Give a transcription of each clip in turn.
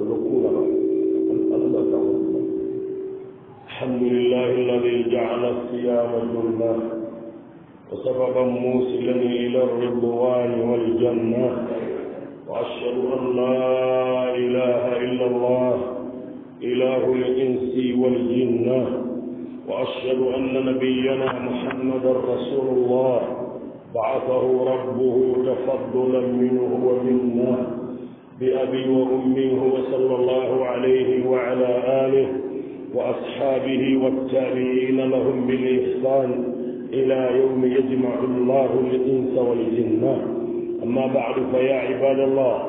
فذكورا الحمد لله الذي جعل الصيام جنة وسببا موصلا إلى الرضوان والجنة وأشهد أن لا إله إلا الله إله الإنس والجنة وأشهد أن نبينا محمدا رسول الله بعثه ربه تفضلا منه ومنا بأبي وأمه وصلى الله عليه وعلى آله وأصحابه والتابعين لهم بالإحسان إلى يوم يجمع الله الإنس والجنه أما بعد فيا عباد الله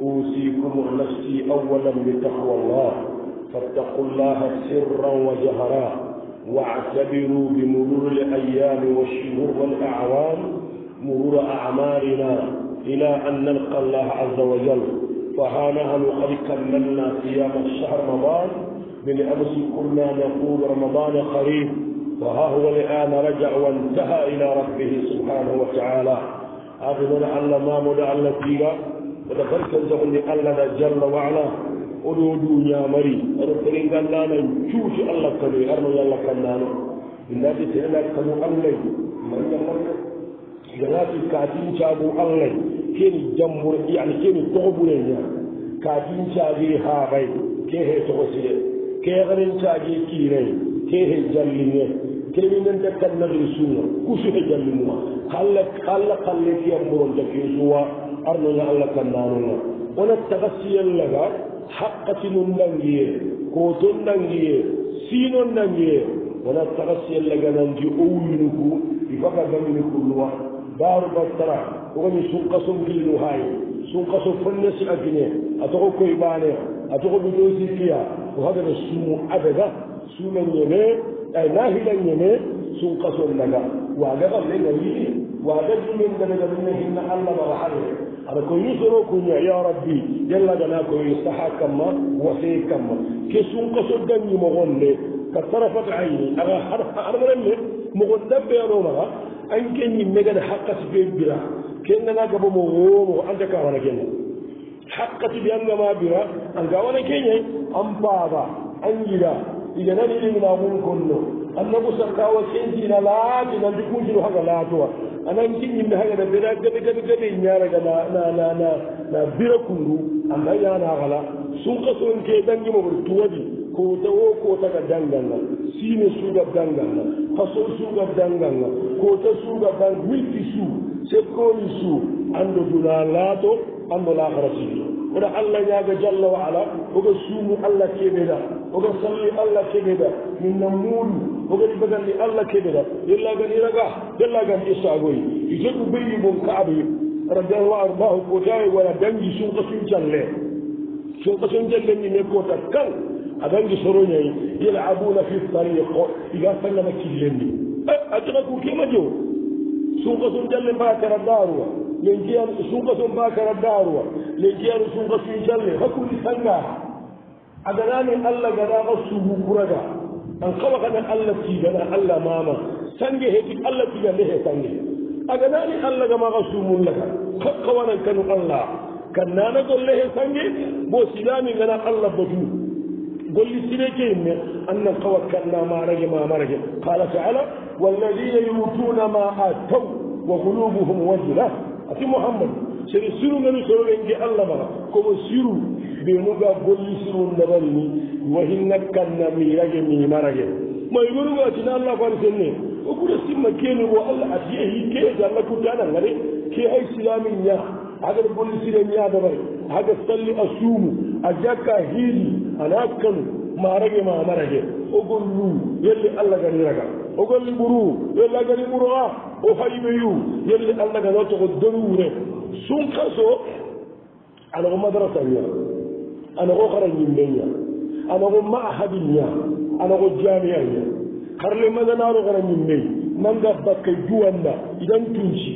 أوصيكم ونفسي أولا بتقوى الله فاتقوا الله سرا وجهرا واعتبروا بمرور الأيام والشهور والأعوام مرور أعمارنا إلى أن نلقى الله عز وجل فهانا هل لقد كملنا صيام الشهر رمضان من أمس كنا نقول رمضان قريب وها هو الآن رجع وانتهى إلى ربه سبحانه وتعالى أخذنا أن ما مدع النتيجة ودفرت الزهن لألنا جل وعلا أدو دنيا مري أدفرين قلنا نجوش الله كبير أرمي الله كنانو إلا بتعلق كنو الله مريم مريم gnati ka dincagu allah keni jambure yani keni tohoɓure ña ka dincagi haɓay kehe tohosire kehrencagi kiiray kehe jallinge keminende kannagir suna kusuhe jallinuma halla halla kalle kiyamburonta ke suwa arnoña allah kannanuga ona tagasiyallaga haqqatinun dangiye koton dangiye sinon dangiye wona tagasiyallaga nandi owinuku ifaka gamini kulluwa بارو بطرا وغني سوق سوق جيلو هاي سوق سوق فنس أجنية أتوقع كوي بانيه أتوقع بدوزي فيها وهذا السمو أبدا سوما يمي أي ناهي لن يمي سوق سوق لنا وعجبا لنا ليه وعجب من دنا دنا هنا ألا برحله أنا كوي سوق كوي يا ربي يلا دنا كوي استحى كما وسي كما كسوق كسوق دني مغني كطرفة عيني أنا حرف أنا مغني مغني دبي أنا مغني an kenni megana hakkati be bira kennana gabo mo womo anta ka wana kenna hakkati be an gama bira an ga wana kenñay an paaba an yira iga nani ɗimina mum konno annabu sallawa sentina laati nanti kuntino haga laatowa anan kinñimme hagana bena gabe gabe gabe ñaraga na bira kundu anga yana hala sunka sonke dangimo ɓoɗo tuwadi koota wo kootaga danganga siine suuga danganga façon suuga danganga koota suuga dan milti suu sekkooni suu anndo dunaa laato anndo laakara sigi oɗa allah ñaaga jalla wa ala oga suumu allah keɓeɗa oga salli allah keɓeɗa minna muuɗu ogadi baganɗi allah keɓeɗa yellagan iraga yellagan isagoy ijoɗɗu beyi mbon kaaɓe radiallahu anhu ko tawi wona dangi sunqa sun calle sunqa sun calle ni ne koota kan أبين يسروني يلعبون في الطريق إذا سلمك الجنة أتركوا كما جو سوق جل باكر الداروا لنجيان سوق باكر الداروا لنجيان سوقة جل فكل سلمها أدناني ألا قناغ السوق كردا أنقوقنا ألا تيجنا ألا ماما سنجي هيك ألا تيجنا له سنجي أدناني ألا قناغ السوق لك خقوانا كانوا الله كان نانا قل له سنجي بو سلامي قناغ الله بجوه golli sireekeyin me anna tawakkalna ma rage ma marage qala taala walladina yutuna ma atau wa qulubuhum wajila ati muhammadu sere sirungani soroɓenge allah maga komo siru ɓe noga golli sirun dabari ni wahinnakkanna mi rage mi marage mai gorugo atina allah ko ani senne o ɓura simma keni o allah ati ehi ke ede allah kurde anan gade ke hay silami ña haga golli sire ña dabari haga salli a suumu a jakka hiidi ana hakkalu ma arage ma amarage o gollu yelli allah ganiraga o golli ɓuru yelli a gani ɓuru a o hayɓeyu yelli allah ganatoko doluwure sunkaso anago madrasa ña anago hara yimbe ña anago mahadi ña anago jamia ña harle maganaro hara yimbey manga bakke juwanna idan tunci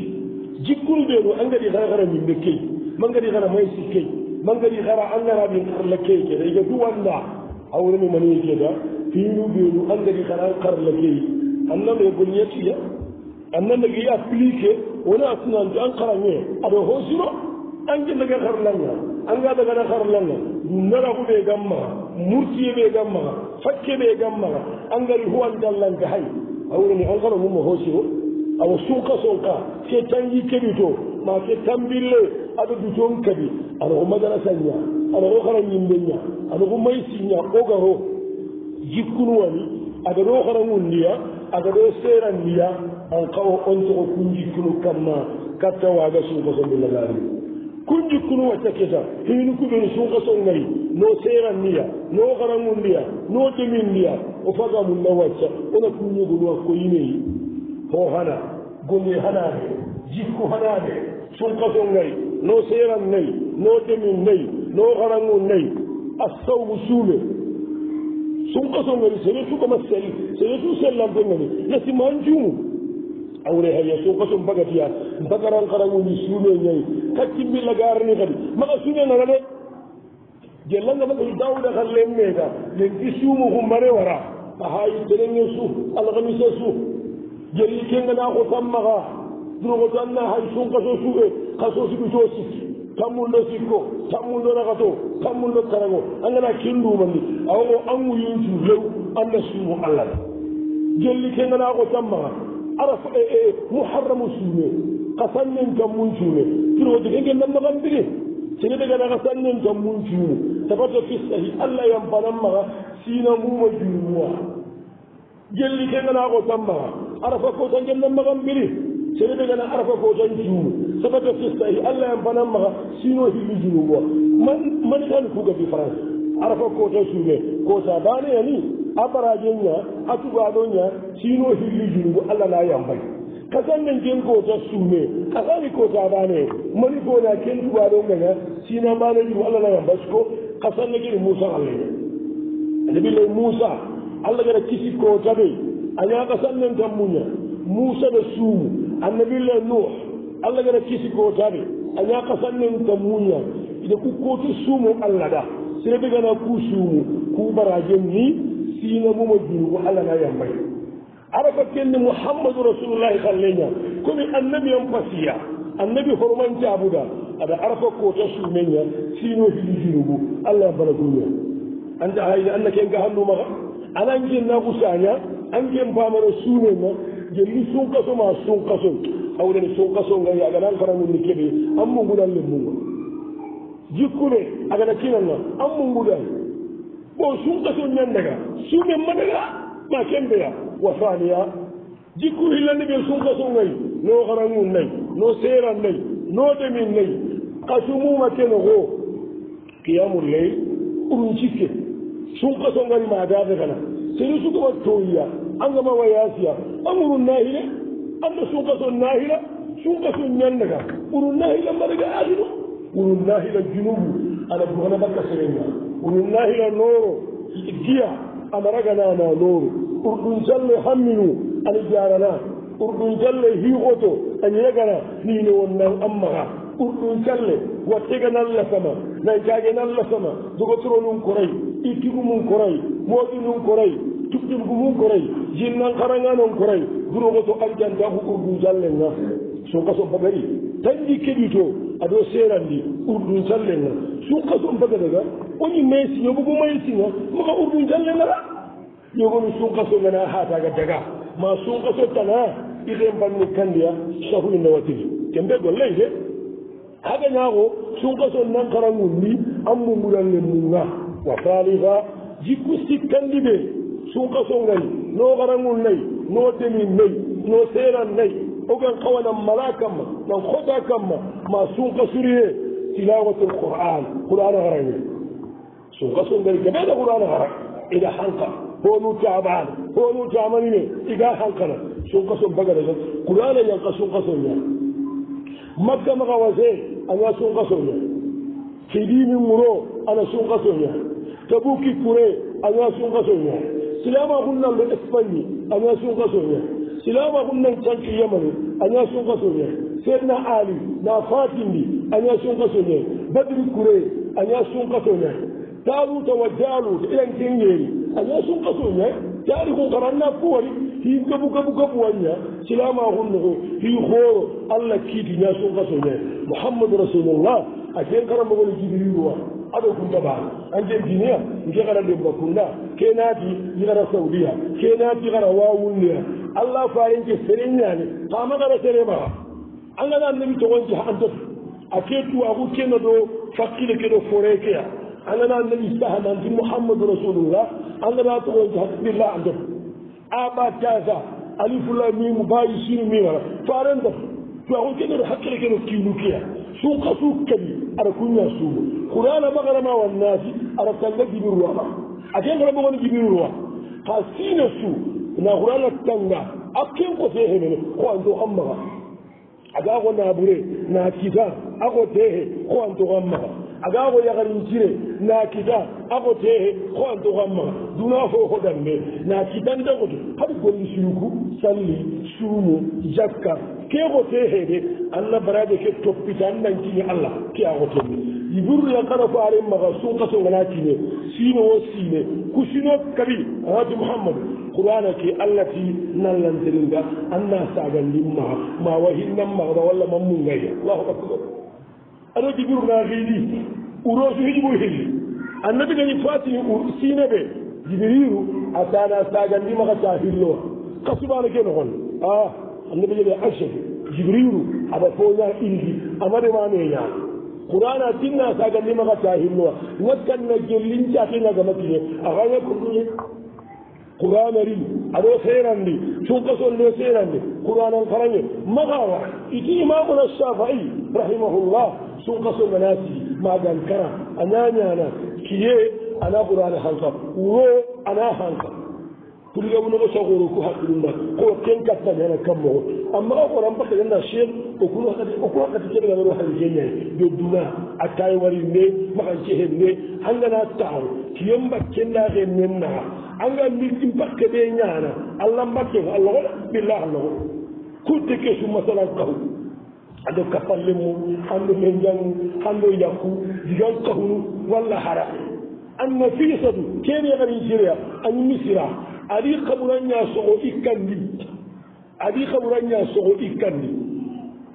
jikkunu ɓeno angadi hara hara yimbe key mangadi hara maysi key mangadi xara angaraɓe xarla key ke ɗa ga duwanda awrani manie keeda finu ɓenu angadi xara xarla key annanɗe e gol ñettiya annandagi applique wona asnante an xarañe aɗa hoosiro ange ndaga xarlanga anga dagana xarlanga naraxuɓe gam maxa murtie ɓe gam maxa fakke ɓe gam maxa angari huwan dallanga hay awrani an xara mumo hoosiro awo suka soka se tangi keɓi to ma se tambille aɗo duton kadi aɗoko madarasa ña aɗoko hara ñimbe ña aɗoko maysi ña ogaro jikkunuwani aga ɗo hara ngundiya aga ɗo seran ndiya an kawo on toko kun jikkunu kamma katta waga suka sobillagari kun jikkunu waccaketa hini kuɓen suka so ngayi no seran ndiya no hara ngundiya no demin ndiya o fagamunna wacca ona kunñogonuwa ko yimeyi ho hana gonge hanaade jikku hanaade surkato ngay no seeran nayi no demin nayi no harango nayi assawbu suume sumkato ngani se retu koma sali se retu sellante ngani lati manjumu awre haya sumkato bagatiya bagarankarangundi suume ñayi kaccimbilla garani kadi maa suume nana de jellanga magati dawuda kan len meeta len ki suumu hu mare wara a hayi telenge su alhamisa su jeri kengana ko tammaka duroko tanna hay sun kaso suɓe kaso suɓi to sik tammunɗo sikko tammunɗo rakato tammunɗo karago an gana kenndumandi awa o angu yintu lew anda sumo allah jelli kenganako tammaka ara e muharramu suume kasannen tammun cuume turoto ke gen nammakan bige sede gana kasannen tammun cuumu tafato fisahi allah yampanammaka sina muma junmuwa jelli ke gana ko tamba arafa ko tan jelle magam biri sere be gana arafa ko tan juu sabab de fista yi alla yam banan maga sino hi bi juu bo man man tan ku gabi france arafa ko tan suube ko sa bani ani abaraje nya atuba do nya sino hi bi juu bo alla la yam bay kasan nan jen ko tan suume kasani ko sa bani man ko na ken tuba do ngana sino bani ju alla la yam basko kasan ne gi musa alle nabi le musa allah gara kisi ko tabe a ñaakasan nen kam muña muusa ɓe suumu annabille nuh allah gara kisi ko tabe a ñaakasan nen kam muña ide kukkooti suumu allah ɗa sire ɓe gana ku suumu kubarajen ni siina muma juru ko allah na yambay ara ko kenni muhammadou rasulullahi kalleña komi annabi on pasiya annabi hormantaabuda aɗa ara ko koota suumeña siino hiɗi junubu allah yambana kuña anta hayde annaken gahannumaa alan ke nakusaña an ke pamano sune ma jelli sunkaso ma sunkaso awurani sunkaso ngayi agana faranuni keɓe an mungudan lemmunga jikkuɓe agana kinanga an mungudan bon sunkaso ñandaga sume madaga ma kembeya wasaniya jikku hillandi ɓe sunkaso ngayi no haranun nayi no seran nayi no demin nayi kasumumakeno ko qiyamu leyl urun cikke sunka songani madaɓe kana seni suka wat toyiya angama wayasiya amuru nahile anda sunka son nahila sunka son ñandaka uru nahila mbaɗaga adino uru nahila junubu ala bugana bakka serenga uru nahila noro giya amaraganana noro urɗum jalle hamminu ana jarana urɗum jalle hiwoto añegana nine wonnan ammaha urɗum jalle wattega nalla sama nay jage nalla sama dogotoronum korayi ittigu mum koray mooƴi num koray tuɓɗingu mum koray jinnankaranga noon koray durogo to aljanta ko urdun jallel nga sunka son bagari tanji keɓi to aɗo seeranndi urdun jallel nga sunka son bagada ga oni maysi yogo bo maysi nga maka urdun jallel nga ra yogomi sunka so ngana haataga daga ma sunka so tana iren banni kanndiya sahuinna watiri te mbe golley de haganaako sunka so nankarangun ndi an mumbuɗalle mum nga وثالثا جيكو سكان لبي سوق سونغي نو غرانغول ني نو دمين ني نو سيران ني أوغان قوانا ملاكما نو خدا كما ما سوق سوريه تلاوة القرآن قرآن غرانغول سوق سونغي كمان قرآن غرانغول إلى حنقا هو نو تعبان هو نو تعملني إلى حنقنا سوق سون بقرة قرآن ينقى سوق سون مكة مغوازين أنا سوق سون في دين مرو أنا سوق سون tabuki kure aga sunkasoña silama hunnanɗo espagne aga sunkasoña silama hunnan canki yamani aga sunkasoña serna ali na fatindi aga sunkasoña badri kure aga sunkasoña taruta wa dalute iyan kengeri aga sunkasoña taari hun karanna kuwari hi gabu gabu gabu wanya silama hunnoko hi hooro allah kiiti ña sunkasoña muhammadu rasulullah a ken karambogoni jibriluwa aɗo gumba ba anje guinéa nke xara ɗemba kunda ke naati i xara saudia ke naati xara wawulnea allah farenke sereñane xama xara serebaxa angana nebi togonke antat a ke tuwaxu kena ɗo fakkile ke ɗo forekea angana nebi saha nanti mouhamadu rasulullah angana togonke hakkilla antat a ɓattasa alifulla mimu bayi sinu mimara faren dat tuwaxu kena ɗo hakkile ke ɗo kinukea suuka suuk kadi ara kuña suumo qurana magarama wa naasi ara tanga jibirwa ma akenkala mogoni jibirwa ha siina suu na qurana tanga aken ko tehe mene ko anto an maga aga ko naabure na kita ako tehe ko anto an maga aga ko yakarintire na kita ako tehe ko anto an maga duna foko dambe na kitandagoto hadi golli suuku salli suumo jakka keeɓoteheede anna baraje ke toppita annan tiñe allah ke axotemi iburla kara fo aren maxa suukasongana tiñe siino wo siine kusino kabi awati mouhamadou qur'ana ke allah ti nallanteringa anna saganndin maxa ma wahinnan maxda walla man mungay allahu akbar ado jibiru na xiidi urosu hijibo helli annabigañi fatini siine ɓe jibiriru a sana saganndi maxa ta hilloa ka subana ke noxon a annabi yeɓe achete jibrilu aɗa foña indi amaɗemameña qurana tinna sagallimaga tahinnowa wakkanna jellincakinagama kine axaya kurɗuñe qouranari aɗo serandi cunkasonɗo serandi qouranan karaye maxawa iti imamuna safai rahimahullah sunkasonganasi magan kara a ñañana kiye ana qurana hanka wo ana hanka ɗum yawnugo sagoro ko haqqirunda ko tenkattani hana kammogo amma o ko rampata ganda chekh okuno hakati oko hakati keɓegaaro han geñani yo duna attay wari nde makan cehen nde hangana taw kiyomba kendake nennaa anga mirɗi mbakke ɓe ñana allah mbakke ko allah goɗo billah allah goɗo kurte kesu masalan kahu ado kapalle mu ando men jangu ando yakku digan kahunu walla hara anna fiisatu keeɓe kadi jireya ani misira adi kaburanya sogo ikandi adi kaburanya sogo ikandi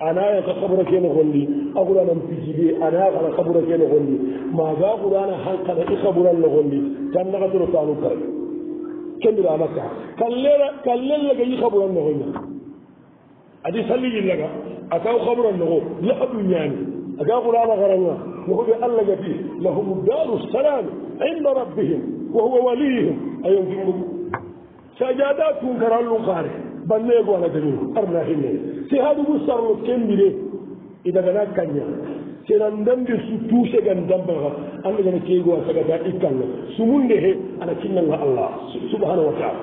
anaya ka kabura ke nogondi agura nan pijibe anaya kana kabura ke nogondi maga qur'ana hankana i kabura nogondi tan naga toro tanu kay kendira makka kallela kallela ga i kabura nogondi adi salli laga ataw kabura nogo lahadu nyani aga qur'ana garanga nogo be alla gati lahum daru salam inda rabbihim wa huwa waliyuhum ayum so a jaada tunkara lukaare banneego ala dañu arnahine si haadugu sarlo kembire i dagana kaña sena ndambe su tuusegan dambaxa an dagana keegowa sagata i kanga sumunde he ana kinnanga allah subhanau wa taala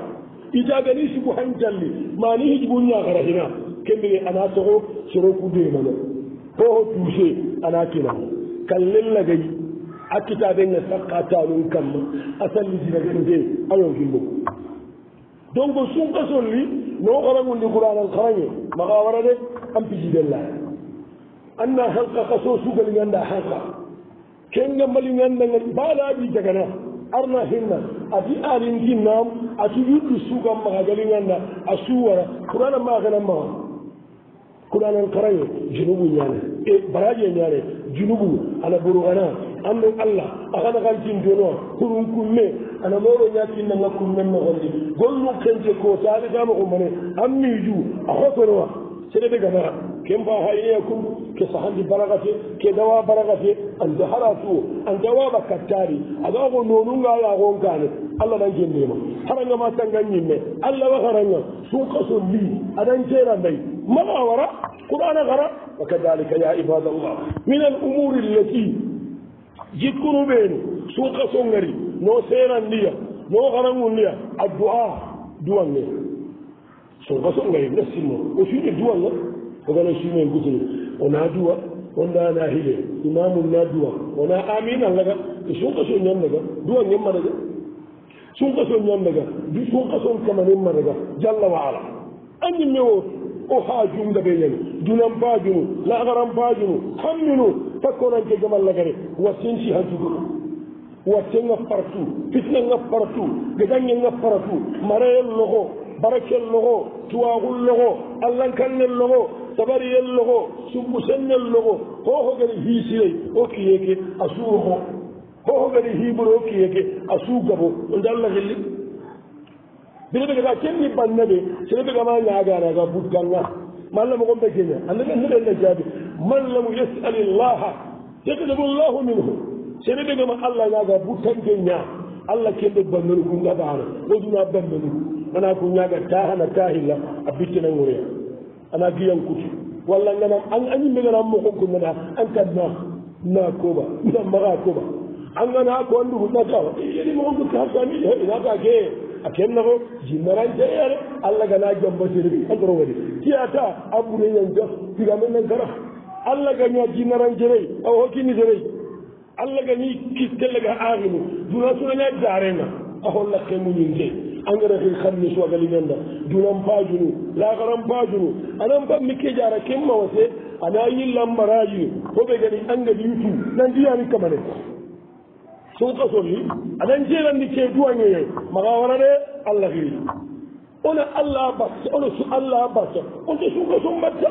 i jagani sugu han jalli mani hijbu ñaxara hina kembire ana toxo soroku demano koxo tuuse ana kina kan lellagay a kitabenga saqa tanun kamma a sallisinagande a yoginbo donc sun kasolli noo xarangundi quranan xarange maxa wara de an pijidella anna xanqa kaso sugalinganda xanqa kenga malinganndanga baalaaɓi jagana arna hinna ati aringinnaam ati yuddu sugan maxa galinganda a suwara qurana maxena maxa quranan xarange junubu ñane e baraje ñane junubu ana boruxana an men allah axana xantin donoa kurunkunme ana mawɗo ñaatinna ngakkum nanna holde gollum kenke ko sa aɗetama ko mane an miju a hotonowa seɗe ɓe gadara kempa hayneya kum ke sahandi baragate ke dawa baragate ande hara suwo an dawaɓa kattari aga ko nonungaya gonkane allah nan gendema harangama tanganñimme allah wa harangam sunkason li aɗan cera nday maga wara qur'ana gara wa kadalika ya ibadallah min al umuri allati jikkunu ɓenu sunkason gari no senan ndiya no xanangun ndiya a du'a duwange eh. sonka songay na simmo o suude duwanga eh. ogana suume gusini ona duwa onda na hile imamum na duwa ona amina laga e sunka so ñan laga duwangen madaga sunka so ñan laga du sunka son kamanen madaga jalla wa ala anñimme wo o ha jumda ɓe ñani dunan pajunu lagaran pajunu hamminu takkonanke gamal lagare wasinci han cugu watte nga partout fitna nga partout gedanŋe nga partout marayel logo barakel logo tuwagul logo allankanŋel logo sabariyel logo sumbusennel logo hoho gedi hiisirey o kiyeke a suwoho hoho gedi hiɓure o kiyeke a suu gabo o ndalla xilli bireɓega ga kenni banna ɓe sereɓegama ñaganaga budganga mallamu gon ɓe geña anda ganna ɓenna jaabi man lam yesalillaha yakdabu llahu minhu sene ɓegema allah ñaaga bu tanke ñaa allah kenɗe bannano ɗum ɗaɓaana woduna bannano ana ko ñaaga tahana tahilla a bittinan goreya ana giyankuti walla gana an añimɓe gana mokon ko gana an kad na na koɓa na maga koɓa an gana ko andu ɗaka yeni eh, eh, mokon eh, ko kasani inaka ke a kennako jinnarantere allah gana jambasere ɓi agoro waɗi tiyata a ɓureñan jof tigamen nan kara allah gaña jinnarantere a hokkini serey allah ga ni kittellega aarimu duna sunanet darenga a holla ke muñinte engrais ki xam ni soogali nanda dunan pajunu laxaran pajunu anan pa mikke jara ken mawase ana yillan maraji foɓe gani angadi yutu nandiyani kamane sunka solli anan jeelandi ke duwaŋeye maga warane allah xiri ona allah barsa ono su allah barsa onte sunka son batta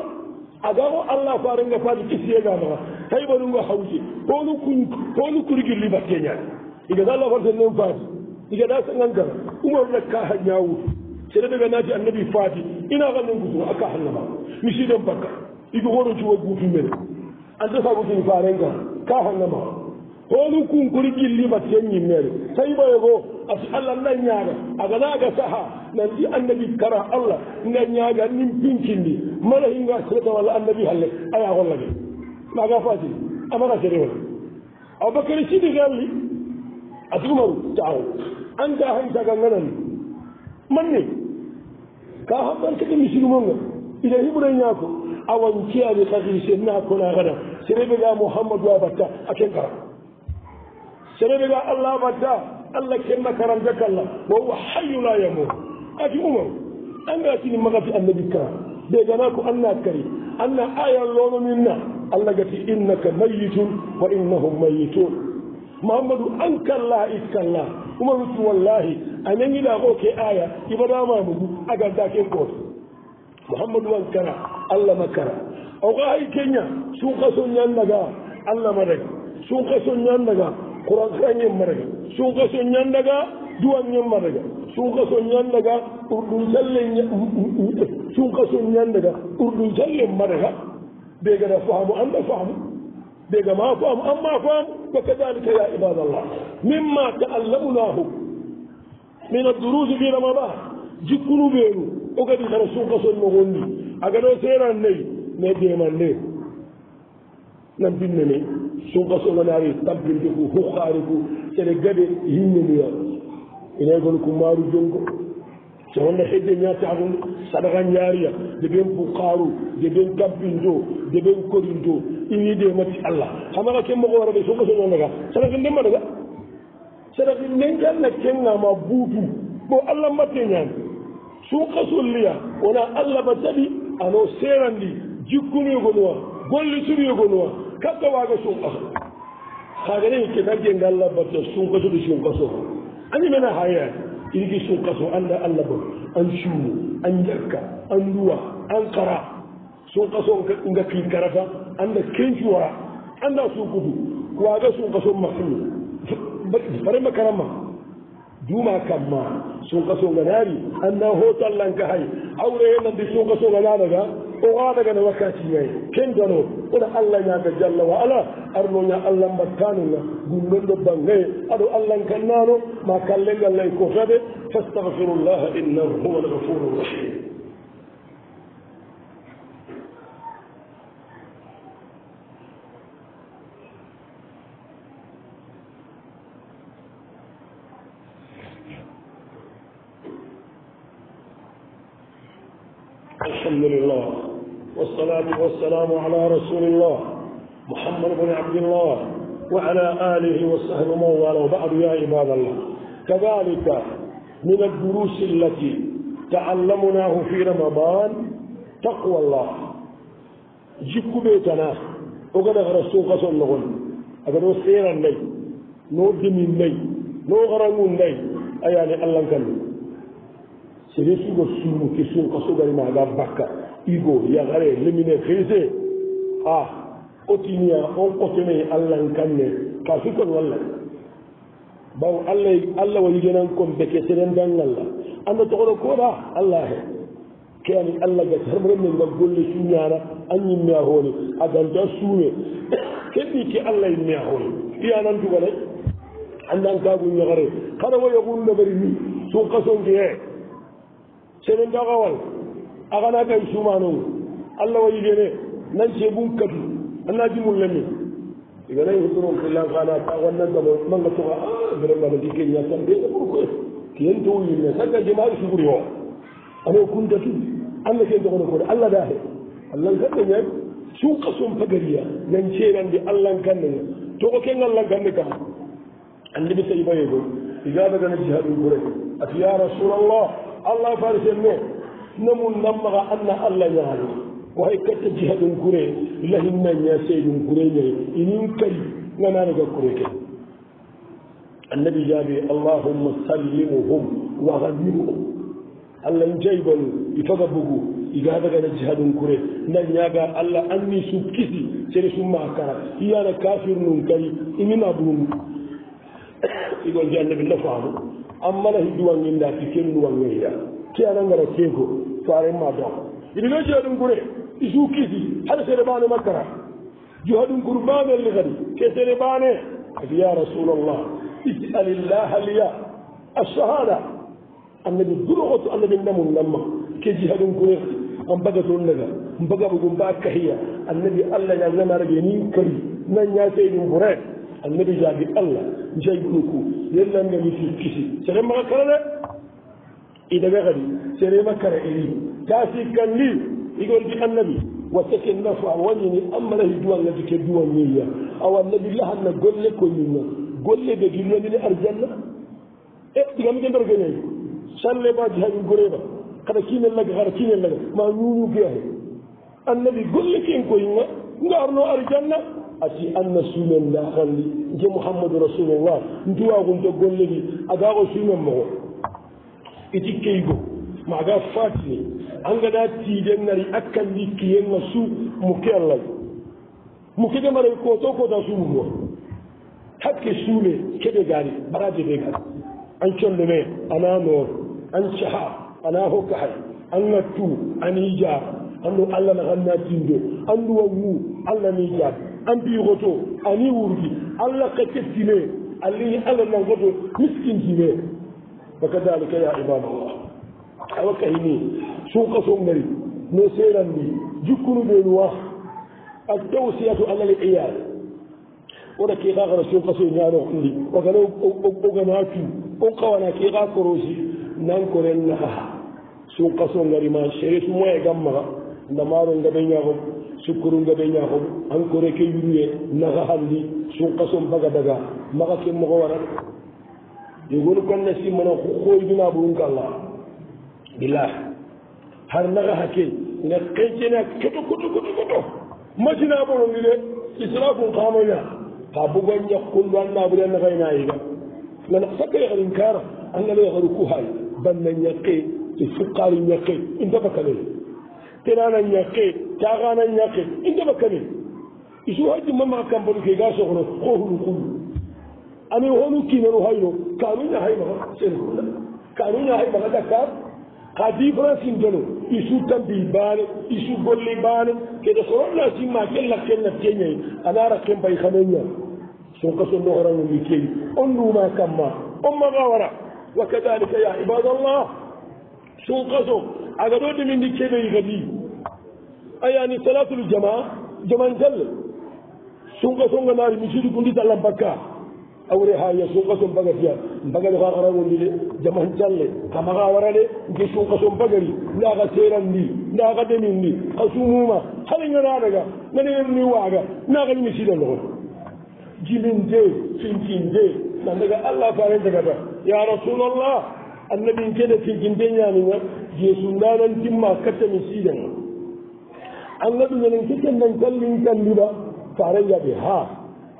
agaxo allah farenga fadi kisiyegamaxa tawi ɓaɗumngo hawti hono kun hono kurgilli batte ñaade igata lafalten noon faati igata sagankara umarna kaha ñawuto seɗa ɗoga naati annabi faati ina kannen gutuo a kahannama mi siiɗen pakka igo hono cuwa gutumen andesagotin faren ka kahannama honu kunkuri gilli batten ñimmere tawi ɓoye go asi allah nda ñaaga agana aga saha nandi annabi kara allah nda ñaaga nin pincindi mala hinga seɗata walla annabi halle aya hollage maaga fo asi amara sere wona aboubacary sidi gaalli ati umaru taaw anta hayisaga ngananni manni ka habbarkede misirumonga ida hiɓuɗa ñaako awan ceyaɓe kakise naakona gana sereɓe ga mouhammadou a batta a ken karam sereɓe ga allah batta allah kenna karam jakkalla wa huwa hayyu la yamour ati umaru anga tini magafi annabi kara ɓeganako anna kari anna aya lono min na allah gati innaka mayitun wa innahum mayitun mouhammadou ankalla ikkalla umaru tu wallahi a ñañiɗa o ke aya ibadamamu du a gardake goto mouhammadou ankara allah ma kara o ko hay keña sunka so ñandaga allah ma daga sunka so ñandaga qouran kañen ma daga sunka so ñandaga duwan ñen ma daga sunka so ñandaga ur ɗum salle sunka so ñandaga ur ɗum sallen ma daga ɓeegana faamu anna faamu ɓeegama faamu amma faamu wa kadalika ya ibada allah mimma taallamunahu min addurusu ɓiinama ɓa jikkunu ɓeeru o kadi kara sunka sonno gonni agano seeran nayi ne deeman ne nan binne ne sunka songanaari tampinde ku hukkaari ku ene gade himmeniya ine gon ku maaru jongo so wonno hedde ñaa taagunde saɗaka ñaariya de ɓen pukaaru de ɓen kampin joo de ɓen korinto ini de e matti allah hamaka ken mogo waraɓe soko soñandaga sadaki ndema daga sadaki ndenke allah kengama buutu bo allah mbatte ñani suka solliya wona allah ba saɗi ano serandi jikkunuyogo e nuwa golli sunuyogo e nuwa kakka waga sunka haga ɗen ke naggenga allah batta sunkasoɗo sunkaso ani mena hayani irigi sunkaso anda allah bo an suumu an jakka an duwa an kara sun kaso nga kin karafa anda kenju wara anda su gudu wa ga sun kaso mahlu bare makarama duma kamma sun kaso ga nari anda hotal lan ka hay aure nan di sun kaso ga nana ga o ga daga na wakati ne ken dono ko da Allah ya ga jalla wa ala arno ya Allah bakkanu na gundon do bangai ado Allah kan nano ma kallenga lai ko fade fastaghfirullah innahu huwal ghafurur rahim والصلاة والسلام على رسول الله محمد بن عبد الله وعلى آله وصحبه ومن والاه بعد يا عباد الله كذلك من الدروس التي تعلمناه في رمضان تقوى الله جيك بيتنا وقد رسول قصر لغن أقول وسيرا لي نور دمين لي نور غرمون لي أياني الله نكلم resugo sumu ke sum ka sugari maga bakka igo yagare lemine xese a ah, otinia on otene allahn kanne ka sukon walla baw allah allah wayigenan kon beke serendangalla anda togoro koda allahe ke ani allah gas harmoremen ga golle suñana a ñimme a hooni a ganta suume keɓɓi ke allah imme a hooni iyanantugaday andan kagu ñagare xara wayagun ndabari mi sun kason ke e seren da gawal agana kay sumano allah wayi gene nan ce bun kadu anna ji mullami diga nay hudurum billah kana ta wannan da man ga tuwa biran da dike ya san be da burko kiyen to yi ne saka jama'a su guriyo amma kun da tu allah ke da ko allah da allah kan da ne su kason fagariya nan ce nan da allah kan ne to ko ken allah kan ne ka annabi sai bai go diga daga jihadul qur'an atiya rasulullah allah farise me nomum nammaga anna allah ñaani waha katta jiha ɗum gure lahinnaña seyɗum gureñeri inin kayi ngananiga kure ken annabi jaabi allahumma sallimuhum waganimuum allah jaygol i faga bugu igadagana jiha ɗum kure nan ñaga allah anni sum kisi seri summa kara iyana kafir num kayi inimabunum igol ji annabi lafaamu ammana hidduwangenda ti ken nuwangeyya ti ana ngara keego to arenma don ine no jeya ɗum gure isu kiisi hada seede bane makkara joha ɗum kuru bamelli kadi ke seede bane kadi ya rasul allah isi alillah liya ashahada annabi duroxoto annabi namum namma ke jiha ɗum kure an bagatoon daga mbagaɓugum ba kahiya annabi allah ñagnamaraɓe nin kari nan ñaseyɗum bure annabi jaabi allah jayɓunuku yella ngani fi kisi sere ma karale ida be gadi sere ma kare eri tasi kandi igol di annabi wattake nafu a wajini amma lahi duwan na dike duwan niyya aw annabi laha na golle ko yinna golle be gillo ni arjanna e diga mi gendor gene salle ba di hagin goreba kada kinen laga har kinen laga ma nyunu ge ay annabi golle ken ko yinna ngarno arjanna ati anna sunan la khalli nte mouhammadou rasulullah ntuwagunte golledi aga o sumen mogo iti keygo ma aga fatini angada tiiden nari akkandi kiyenga su muke allay mukede maray koto kota sumuwa hakke suume keɓe gaari baraje ɓe gaari an colle me ana noor an caha ana hokka hay an gattu ani jaar anno allah nahan natindo anduwa ngu allah ni jaabi an ɓiigoto ani wurgi allah ka kettine allahi allah nangoto miskintine fakadalika ya ibadallah awa kahini suuka songari no serandi jukkunu ɓenuwa ak tawsiyatu allah le iyal ora keeka kara suuka so ñano ndi wagana oganatu on kawana keeka korosi nan koren naha suuka so ngari ma sheresu moye gam maga ndamaro ngaɓe ñagom sukkurunga ɓe ñaaxum encore ke yurwe naxa xalli suqa som baga daga maxa ke moxo waran yegonu kanna simana xu xooyduna ɓurunkanga bilah xar naxa xa ke nga xencene a koto koto koto koto masina ɓorongi de israfun xamaña xa bugo ñak kundu an naɓuri a naxayna yiga ngana sakkay xarin kaara a ngana yaxaru ku xaay banna ñakke te fuqaari ñakke inta bakalee tenana ñake taxana ñake i njaɓa kanin i su xaƴ ɗuma maxa kampanu ke ga soxno xooxunu qulu ane xoonu kiinanu xayno kanu ñaxay maxa senegal kanu ñaxay maxa dakar xa difference in dono i su ta mbi baane i su golli baane kede soroɗna si ma ke lakkenna ke ñay ana rake mbay xane ña sonka sonoxorango mbi keni o nduma kam ma o maxa wara wa kadalika ya ibadallah sonka so aga ɗo ɗemi ndi keɓe yiga ndi ayani salatul jama jaman jalle sunga sunga naari misidi gundita allah bakka awre haya sunga son bagatiya mbagali xa xarangondi de jaman jalle xa maxa wara de nke sunga son bagari nda xa serandi nda xa demindi xa sumuma xalinga na daga nganeni waaga naxani misida noxo jimin de finkin de nandaga allah farentagata ya rasul allah annabin kede finkin de ñaninga jesu ndanantimma katta misidanga anga ɗum enen kekennen callin callina fare yaɓe ha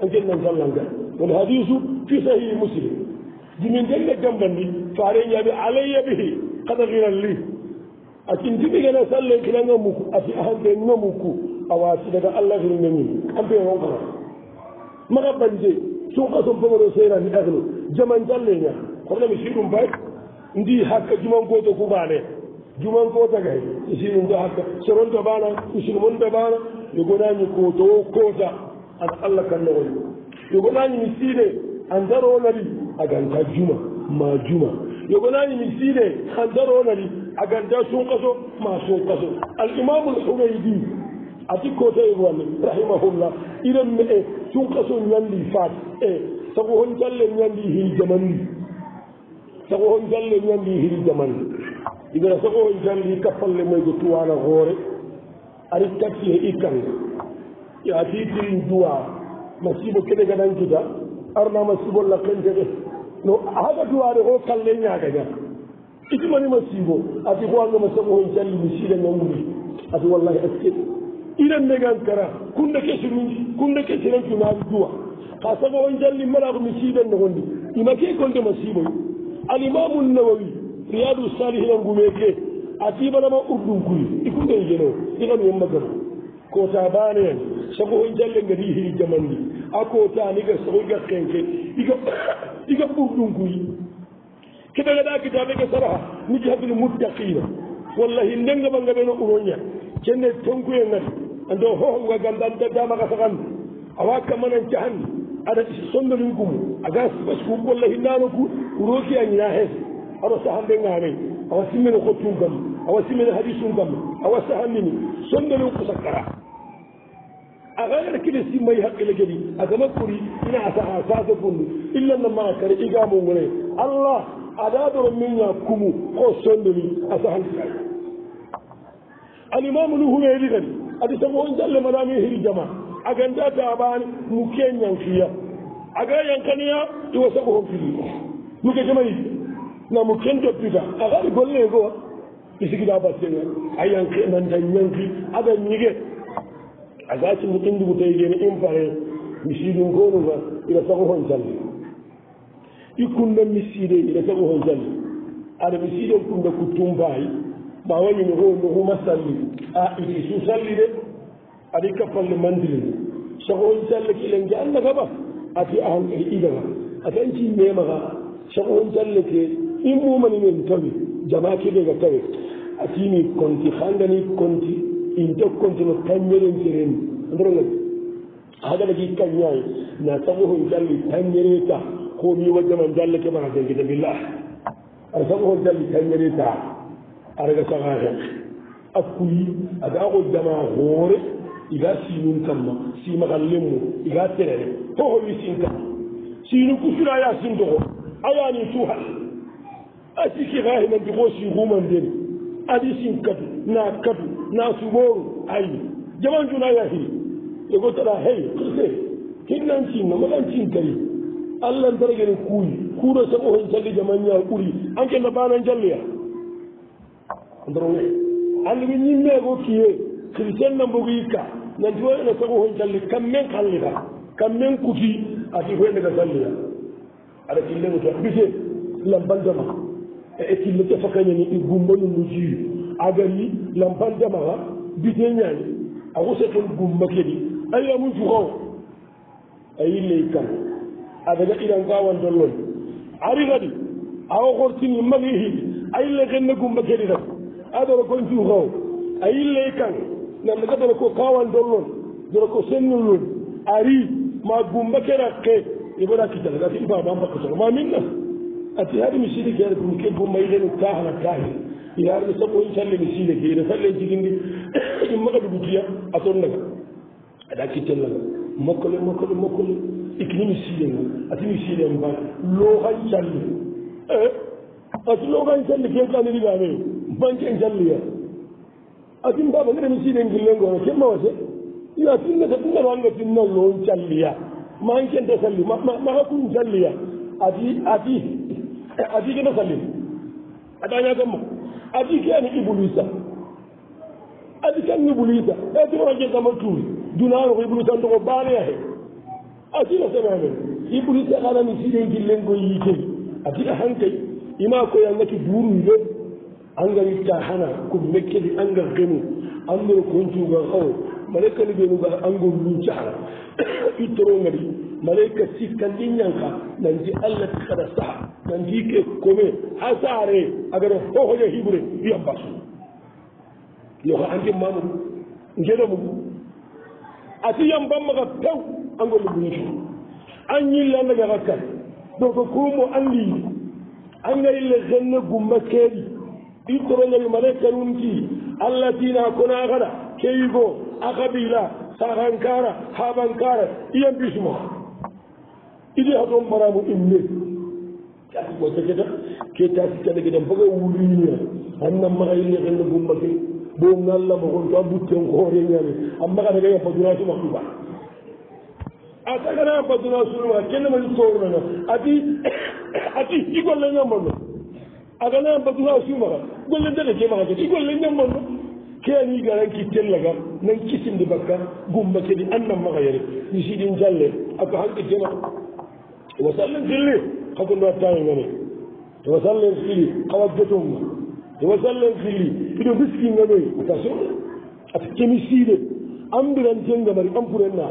en kennen callal ngal woni hadisu fi sahi muslim jimin dende gambandi fare yaɓe alayyaɓehi kada hiral li a kintiɓigene salle kinanga mukku afi ahande nga mukku a wasi daga allah hirnemi ampe wonkara maga bande suka som pomoro serani ɗahlo jaman jalle ña hornami si ɗum bay ndi hakka jiman goto kubane juman koota kay isinum do hakka soron to bana usurmon to bana yogonañi koto o koota ata allah kannogoy yogonañi mi siide andaro nali a ganta juma ma juma yogonañi mi siide andaro nali a ganta sunkaso ma sunkaso alimamu lhuraydi ati kootayegoanne rahimahullah iren me e eh, sunkaso ñandi faat e sago hon jalle ñandi hiri jamandi sago hon jalle ñandi hiri jamandi igara so o janndi kappalle moy go tuwaana hoore ari tati he ikkan yaatiitirin duwa masibo keɗe gadankita arna masibo lakenteɗe no haga duwaade ho kalle ñaagaña itimani masibo ati hoanga ma sago hon calli mi siidangawuri ati wallahi aske iren ndegan kara kunde kesi mi kunde kesi ren cunaari duwa ha sago hon calli mbaɗa ko mi siidannde honde imakee konde masibo alimamu nawawi riyadu salihina ngumeke a tibanama urdum kuri ikuden jeno ikanu yemma gam kota bane hen sago hon jalle ngati hiri jamandi a kotani ga sago ga kenke iga iga urdum kuri keɓe gaɗa kitaɓe ge saraha niji hakkude muttaqina wallahi ndenga ɓa gaɓeno uroña cenne tonkuye ngati ando hoho ga gandanta damaka sakan awa kamanan cahan aɗa sondolin kumu aga basku wallahi nano ku uroki a ñina hese awa sahande ngaare awa simmene xottun gam awa simmene hadisum gam awa sahandini sondenen kusa kara agaar kine simmay haqile geɗi agama kuri ina asaha sase fundu illa namaa kare igamongone allah adadoro meña kumu ko sondeni asahantia animamu nu e humeeri tani adi sago on jalle madame heri jama aganda daɓani mu keñan fiya aga yankaniya iwa sago hon fili nuke jamayiɗe namo ken joppita a ari golle go i sigida battee a yanki nanta ñanki aɗa ñige a ga cindi indugu tawi gene impare mi siidum konuga ira sago hon calli i kundan mi siide ira sago hon calli aɗa mi siiden kunda ku tumpayi ma wayini ho nohuma salli a iti su salli de aɗa kappalle mandirini sogo hon calle kilen ke annda kaba ati ahan e idaga ata anci memaga sogo hon calle ke in mumani men tawi jama keɓega tawe a tini konti handani konti in tok konti no tañeren sereni ndrogadi haɗanaki kañay na sago hon jalli tañere ta ko mi wajjama jalla keɓana dengida billah aɗa sago hon jalli tañere ta araga saga hen a kuyi aga ko jama hoore iga sinum kamma simahallenmu iga terere ho hoyi sin kamma sinu kusuraya sintoko ayani suhal a sikki xaa xinanti koo si xuuman den adi sin katu na katu na suɓooru ayi jamanjuna yaxi ego taɗa hey hinnan cinna maxan cinkari allah ntaragene kuuy kuuna sagoxen sagge jamanña ɓuri anke na baana njalleya ndarone andige ñimmeego kiye christien na mbogu yikka nanti wayna sagoxen calli kam men xallita kam men kuti ati fo ndega salliya aɗa killenguta bise lambandama e équipe ne cafa kañani i gumbanundu jus agari lampan jamaxa bite ñaañ axu seton gumba keni ayamun fuxao ayi ley kan adaga iranka wantolloy ari xadi awo xortini magi xid ayi ley xenne gumba keni xadi a dora ko njuxao ayi ley kan nandaga dora ko kawantollon dora ko sennolon ari ma gumba kera ke i bona kitaga gati i faaba mbakasoxo ma min na ati haɗi mi sili geere ko mi kebbo mayɗene tahana tahin ina arɓe sabo in calle mi siile geyne falle jiginndi ɗum maɗaɗu ɗu diya a sonnag aɗa kittellal mokkole mokkole mokkole ikini mi siile ngo ati mi siile eh? en mbaɗ lohan calle e ati lohan calle kenkaneɗinaame banken calleya ati mbaɓa ngeɗe mi siile ngillengoono kemma wase yo tinnata ɗumnaɗanga tinna lohon calleya ma kenta salli ma hakkum calleya ati ati adiki no fallini aɗañagomma adiki ani ibolisa adiki e an ibolisa ɓetinoraje gama tuuri dunano ko ibolisa n toko baaleya he asino semeamen ibolisa anani siɗen gillen ko yiiteyi adiɗa han kay ima koye ngati buuru yo angaritta hana ko mekkedi anga genu andoro kon cuugal xawo malekkani genuga angol lun cahana ittoro ngadi malayka sikkan ɗiñanka nandi allah tikaɗa saha nandi ke kome ha saare agaɗa hohoña himre wiyam basu yoko andin mamu geɗomu asi yam bammaka pew angolle bunito an ñillanna ñagakkan donc kumo andi angayille genne gumba keeɗi ɗittoroñawi malayka nunti allah tina kona kaɗa keyigo akabila sahankara habankara iyam bisumoa idi ha ɗon mbaramo inde caka ko cakeda kettasi caɗa geɗen boga e wurina hannan maa yinne kenno gumbake bo ngallama kon to a butten hooreñani amma kata kaya baduna suma ɗuɓa a sakana baduna suma kenne mani toornana ati ati i golle ñammanno a gana baduna sumaa golle ndeke kemaate i golle ñammanno keani garanki tellaga nan kisimde bakka gumbakedi annan maga yere mi siɗin jalle ako hanke jema owa sallin filli hakkunde wattani ngani owa sallin filli kawa getonga owa sallin filli ɓiɗo biski ngaɗoy ata sore ata kemisiide ambirantenga mari ampurenna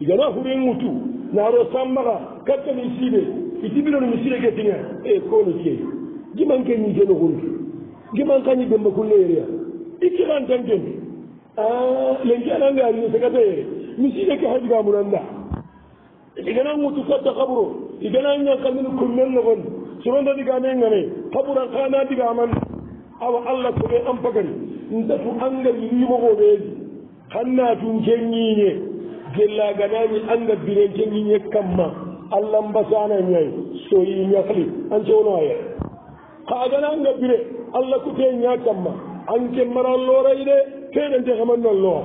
igana hurin mutu naaro sammaka kakkamisiide itibinono mi siide gettinga e kono kei gimanke ñiiteno honti gimankañi demba kulleyerya ikkiran tanken a lenki anangaari ni sagatayere mi siide ke hajgamunanda igana ŋutu katta kaburo igana ɲakamin kunmen nogon soronda digane ŋane kabura kana digaman awa allah toge an pagari ndatu an ga limogoɓeedi kannatunke ɲiɲe gella ganani an ga birenke ɲiɲe kamma allah n basana ɲai soyi ɲakli an cewono aya ka agana an ga bire allah kute ɲa kamma anke mara lorayi de kenante hamannan lowa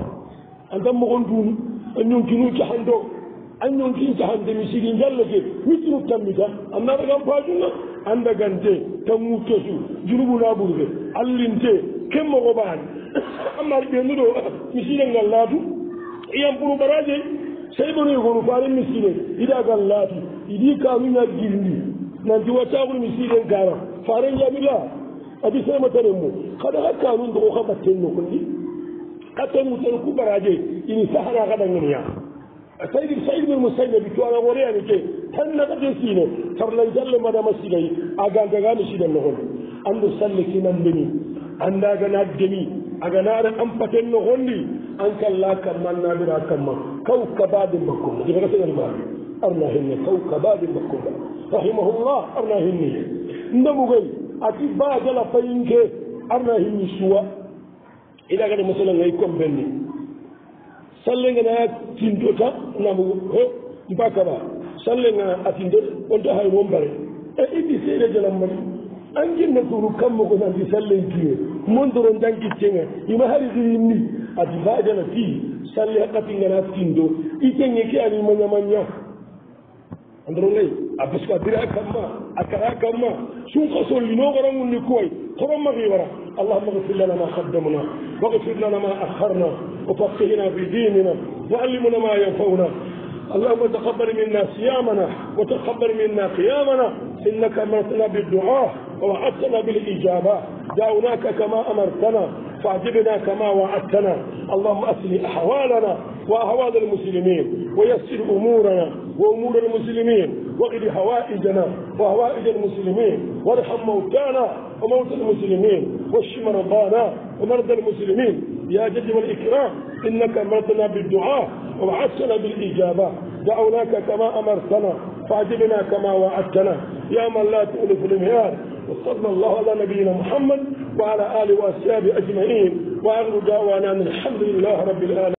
anta mogon dun a ɲunkinu cahanto annon kinta hande mi siri jallake mittinu tammi ta annaɗa kam pajunna andagante tanwuttosu junubu naɓurde allinte kemmo ko ɓaani ammaɗi ɓennuɗo mi siren ngal laatu iyam pono ɓaraje sey ɓono e gono faren mi siren yiɗagal laatu yiɗi kanuñag gilndi nanti wattakono mi siren gara faren jamila adi sema tanen mo kaɗa ha kanun ɗo ko ka ɓatten nokondi ka tanwuttan ku ɓaraje ini sahana kaɗangeniya tawi saydmin musaymabi to ana woreyani ke tan nagate siino sabu lan jalle madama sigay agagagami sidanno honde andu salle kinandeni anda gana demi aganaara ampaten no honndi an kalla kamma nabira kamma kaw kabade makkoma jifaka segalma arna henne kaw kabade makkoma rahimahullah arna henni ndamugay ati baajala fayinke arna henni suwa ida gade masalangay kom benni salle ngena tindota namugo he mba kaba salle ngena atindot wonto hay wombare e indi seyredelammani anginno toru kammo ko nandi sallen kiwe mondoro dankiccenga ima haridirinni adi baadana fi salle haqqati ngena tindo i cenge ke anima ñamanña andronai abasko adira kamma akara kamma sun kaso lino garan wunni kuwai koron magi wara اللهم اغفر لنا ما قدمنا واغفر لنا ما اخرنا وفقهنا في ديننا وعلمنا ما ينفعنا اللهم تقبل منا صيامنا وتقبل منا قيامنا انك امرتنا بالدعاء ووعدتنا بالاجابه دعوناك كما امرتنا فاعجبنا كما وعدتنا اللهم أصلح أحوالنا وأحوال المسلمين ويسر أمورنا وأمور المسلمين واقض حوائجنا وحوائج المسلمين وارحم موتانا وموتى المسلمين واشف مرضانا ومرضى المسلمين يا جد والإكرام إنك أمرتنا بالدعاء ووعدتنا بالإجابة دعوناك كما أمرتنا فأجبنا كما وعدتنا يا من لا تؤلف الانهيار وصلى الله على نبينا محمد وعلى آله وأصحابه أجمعين وأرجو دعوانا الحمد لله رب العالمين